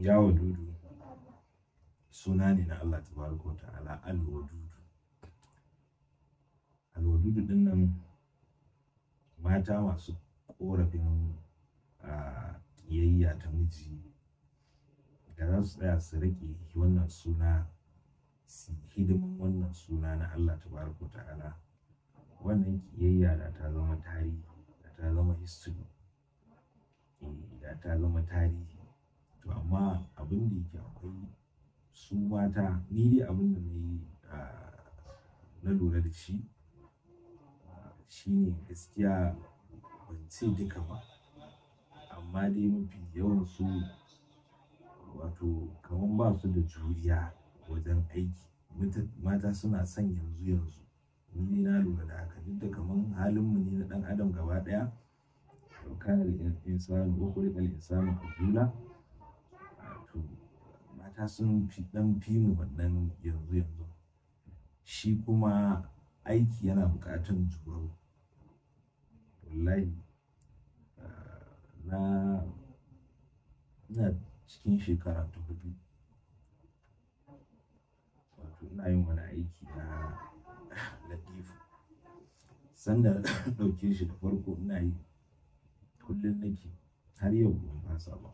ya wadudu suna ne na Allah tabaraka wa ta'ala al-wadudu al-wadudu din nan mata masu korafin ƙiyayya ta miji da za su tsaya su rike wannan suna su hidiman wannan suna na Allah tabaraka wa ta'ala wannan ƙiyayya da ta zama tarihi da ta zama history eh, da ta zama tarihi to amma abin da yake akwai su mata ni dai abin da na yi na lura da shi shi ne gaskiya ban ce duka ba amma dai mafi yawan su wato kaman ba su da juriya wajen aiki mata suna son yanzu yanzu ni na lura da haka duk da kaman halinmu ne na dan adam gaba daya kanar insanu ukhriqa al-insanu jula. to mata sun fi dan fi mu wannan yanzu yanzu shi kuma aiki yana bukatun tsoro wallahi ah, na na cikin shekara ta hudu wato ina yin wani aiki na latifu sanda ɗauke shi da farko ina yi kullum nake har yau ban fasa ba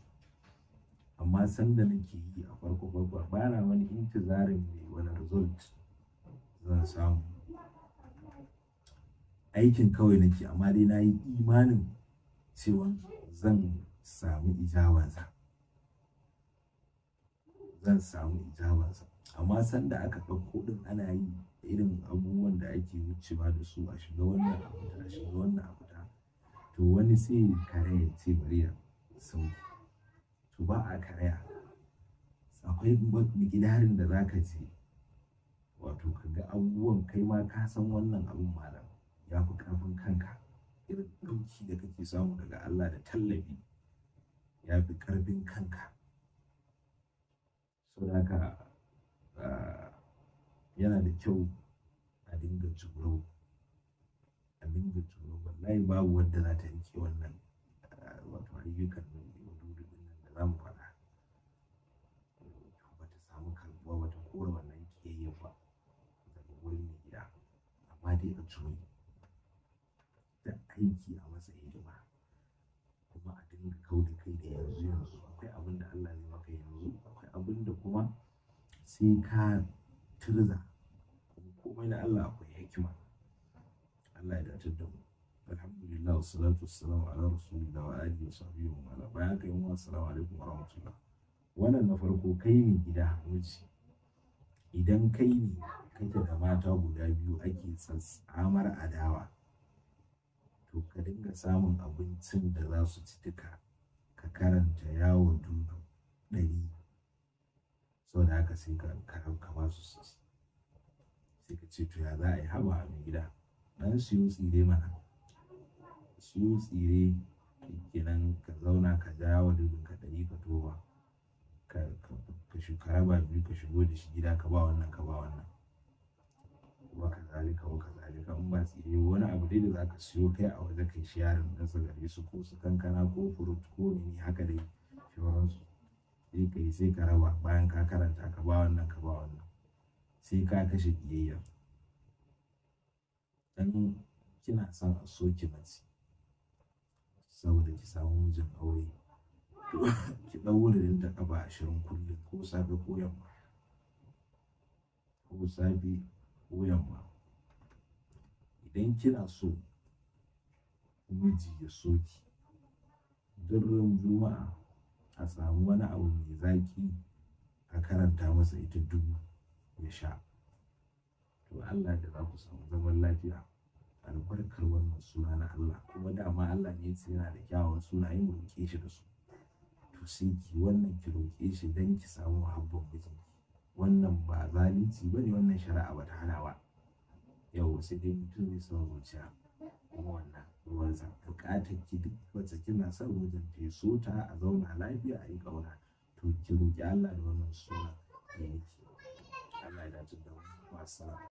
amma sanda nake yi a farko farko ba na wani intizarin mai wani result zan samu aikin kawai nake amma dai na yi imanin cewa zan samu ijabansa zan samu amma sanda aka ɗauko ɗin ana yi irin abubuwan da ake wucewa da su a shiga wannan abu da a shiga wannan abu to wani sai kare ya ce bari ya sauki to ba a karaya akwai gidarin da zaka ka ce wato ka ga abubuwan kai ma ka san wannan abin malam ya fi karfin kanka irin ɗauki da kake samu daga Allah da tallafi ya fi karfin kanka so haka yana da kyau a dinga tsoro a dinga tsoro wallahi babu wadda za ta rike wannan wato ayyukan za faɗa ba ta samu karbuwa ba ta kore wannan ƙiyayyen ba daga wurin mai gida amma dai a juyi da aiki a masa hidima kuma a dinga kau da kai da yanzu yanzu akwai abin da Allah zai maka yanzu akwai abin da kuma sai ka turza komai na Allah akwai hikima Allah ya datar da mu alhamdulillah wassalatu wassalamu ala rasulillah wa alihi wa sahbihi wa bayan kai assalamu alaikum wa rahmatullah wannan na farko kai ne gida miji idan kai ne kake da mata guda biyu ake a adawa to ka dinga samun abincin da za su ci duka ka karanta yawo dudu ɗari sau da haka sai ka karamka masu sai ka ce to ya za a yi haba a gida ɗan siyo tsire mana su tsire kenan ka zauna ka jawo dubin ka ɗari ka toba ka raba biyu ka shigo da shi gida ka ba wannan ka ba wannan Kuma ka zali ka ka zalika in ba tsire wani abu dai da za ka siyo kai a waje kai shi yaron ɗan su gare su ko su kankana ko furut ko mini haka dai su, sai ka sai ka raba bayan ka karanta ka ba wannan ka ba wannan sai ka kashe ƙiyayya dan kina son a so ki saboda ki samu mijin aure ki ɗau da ƙafa ashirin kullum ko safe ko yamma ko safe ko yamma idan kina so miji ya so ki durin juma'a a samu wani abu mai zaki a karanta masa ita dubu ya sha to Allah da za ku samu zaman lafiya suna na Allah kuma dama Allah ne yace yana da kyawawan sunaye mu roƙe shi da su to sai ki wannan ki roƙe shi dan ki samu habban miji wannan ba zalunci bane wannan shari'a ba ta hana ba yau sai dai mutum zai son zuciya kuma wannan ruwansa bukatar ki duk wacce kina son wajen feso ta a zauna lafiya a yi ƙauna to ki roƙi Allah da wannan suna ya miki Allah ya dace da mu